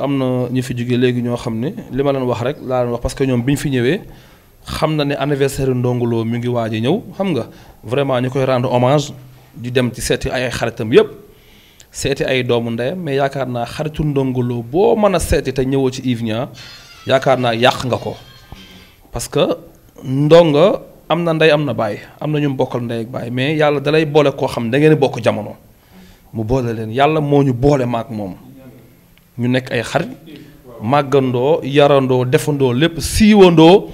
am na ñu fi jóge léegi ñoo xam ne li ma leen wax rek laa leen wax parce que ñoom bi ñu fi ñëwee xam na ne anniversaire Ndongo Lo mi ngi waaj a ñëw xam nga vraiment ñu koy rendre hommage di dem ci seeti ay xaritam yépp seeti ay doomu ndeyam mais yaakaar naa xaritu Ndongo Lo boo mën a seeti te ñëwoo ci Yves yaakaar naa yàq nga ko parce que ndonga am na ndey am na baay am na ñu bokkal ndey ak baay mais yàlla dalay boole koo xam da ngeen bokk jamono mu boole leen yàlla moo ñu boole maak moom. ñu nekk ay xarit màggandoo yarandoo defandoo lépp siiwandoo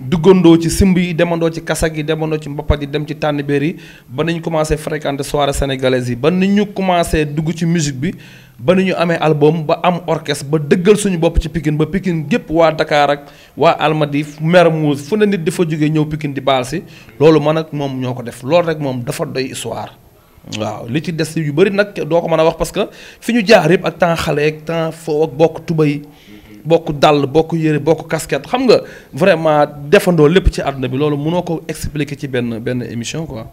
duggandoo ci simb yi demandoo ci kasag yi demandoo ci mbappat yi dem ci tànnbéer yi ba nañu commencé fréquenter soirée sénégalaise yi ba ni ñu commencé dugg ci musique bi ba ni ñu amee album ba am orchestre ba dëggal suñu bopp ci pikin ba pikin gépp waa Dakar waa Almadi Mermoz fu ne nit dafa jógee ñëw Pikine di baal si loolu mën ak moom ñoo ko def loolu rek moom dafa doy histoire waaw li ci des yu bëri nag doo ko mën a wax parce que fi ñu jaar yëpp ak temps xale ak temps foo ak bokk tubay bokk dàll bokk yére bokk casquette xam nga vraiment defandoo lépp ci àdduna bi loolu mënoo ko expliquer ci benn benn émission quoi.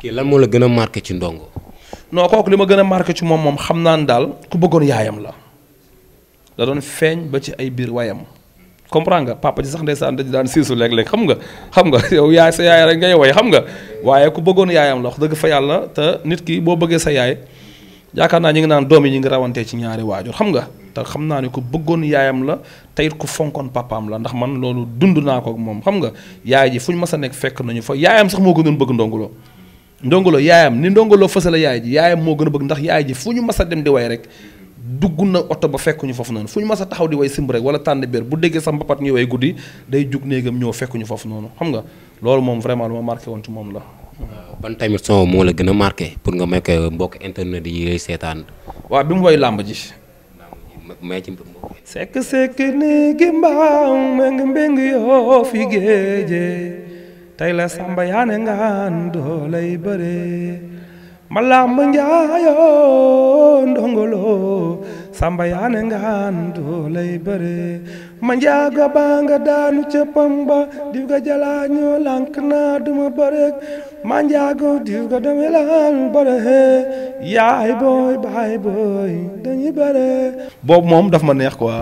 kii lan moo la gën a marqué ci ndongo. noo kook li ma gën a marqué ci moom moom xam naa ne daal ku bëggoon yaayam la da doon feeñ ba ci ay biir wayam. comprend nga papa ji sax ndeysaan dañu daan siisu léeg-léeg xam nga xam nga yow yaay sa yaay rek ngay woy xam nga waaye ku bëggoon yaayam la wax dëgg fa yàlla te nit ki boo bëggee sa yaay yaakaar naa ñu ngi naan doom yi ñu ngi rawantee ci ñaari waajur xam nga te xam naa ne ku bëggoon yaayam la te ku fonkoon papaam la ndax man loolu dund naa ko ak moom xam nga yaay ji fu ñu mës a nekk fekk nañu fa yaayam sax moo ko doon bëgg ndongolo ndongolo yaayam ni ndongolo fësal la yaay ji yaayam moo gën a bëgg ndax yaay ji fu ñu mës a dem di way rek dugg na oto ba fekkuñu foofu noonu fu ñu mas a taxaw di way simb rek wala tànn béer bu déggee sa mbapat ñuy way guddi day jug néegam ñëw fekkuñu foofu noonu xam nga loolu moom vraiment lu ma marqué woon ci moom la. Euh, ban tamit son moo la gën a marqué pour nga may ko mbokk internet yi yooyu seetaan. waaw bi mu woy làmb ji. may ci mbokk. sekk sekk néegi mbaam mbéng mbéng yoo fi géeje tey la samba yaa ne ngaan doo lay bëree. malamba njaayo ndongolo samba yaane ngaan doolay bëre ma njaaga baa nga daanu ca pamba diw ga jalaañoo lank naa duma bërek ma njaago diw ga dame laan bëre yaay booy baay booy dañuy bëre boobu moom daf ma neex quoi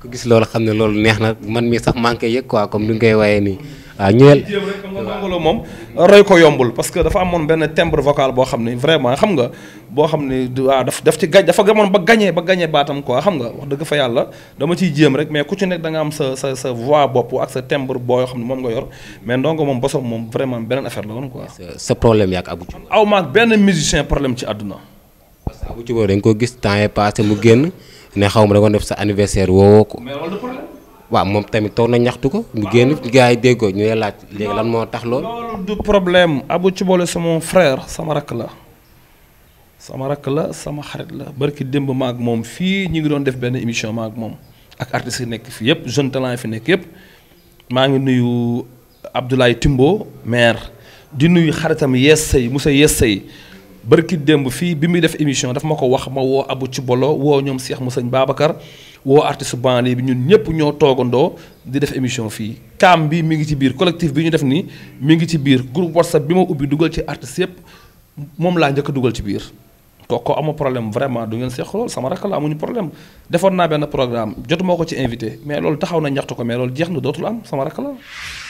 ku gis loolu xam ne loolu neex na man mi sax manqué yëg quoi comme ni nga koy waye nii ah ñeel waaw moom roy ko yombul parce que dafa amoon benn timbre vocal boo xam ne vraiment xam nga boo xam ne waaw ah, daf daf ci gañ dafa gamoon ba gañee ba baatam quoi xam nga wax dëgg fa yàlla dama ciy jéem rek mais ku da nga am sa sa sa voix bopp ak sa xam ne moom nga yor mais ndongo moom bosom moom vraiment beneen affaire la woon quoi. sa problème yaa ak Abou Thioub. aw benn musicien problème ci àdduna. parce que Abou Thioub dañ ko gis temps yii passé mu génn ne xaw ma da ko def sa anniversaire woowoo ko. waaw moom tamit toog na ñaxtu ko. mu génn gaa yi déggoo ñu laaj léegi lan moo tax loolu. du problème Abou Thioubale c'est mon frère sama rakk la sama rakk la sama xarit la barki démb ma moom fii ñu ngi doon def benn émission ma ak moom ak artistes yi nekk fii yëpp jeune talent yi fi nekk yëpp maa ngi nuyu Abdoulaye Timbo maire di nuyu xaritam Yessay Moussa Yessay barki démb fii bi muy def émission daf ma ko wax ma woo ci bolo woo ñoom mu Moussa Babacar. woo artiste band bi ñun ñëpp ñoo toogandoo di def émission fii kaam bi mi ngi ci biir collectif bi ñu def nii mi ngi ci biir groupe whatsapp bi ma ubbi dugal ci artiste yëpp moom laa njëkk dugal ci biir kooku amoo problème vraiment du ngeen seq lool sama rakk la amuñu problème defoon naa benn programme jotuma ko ci invité mais loolu taxaw na ñaxtu ko mais loolu jeex na dootul am sama rakk la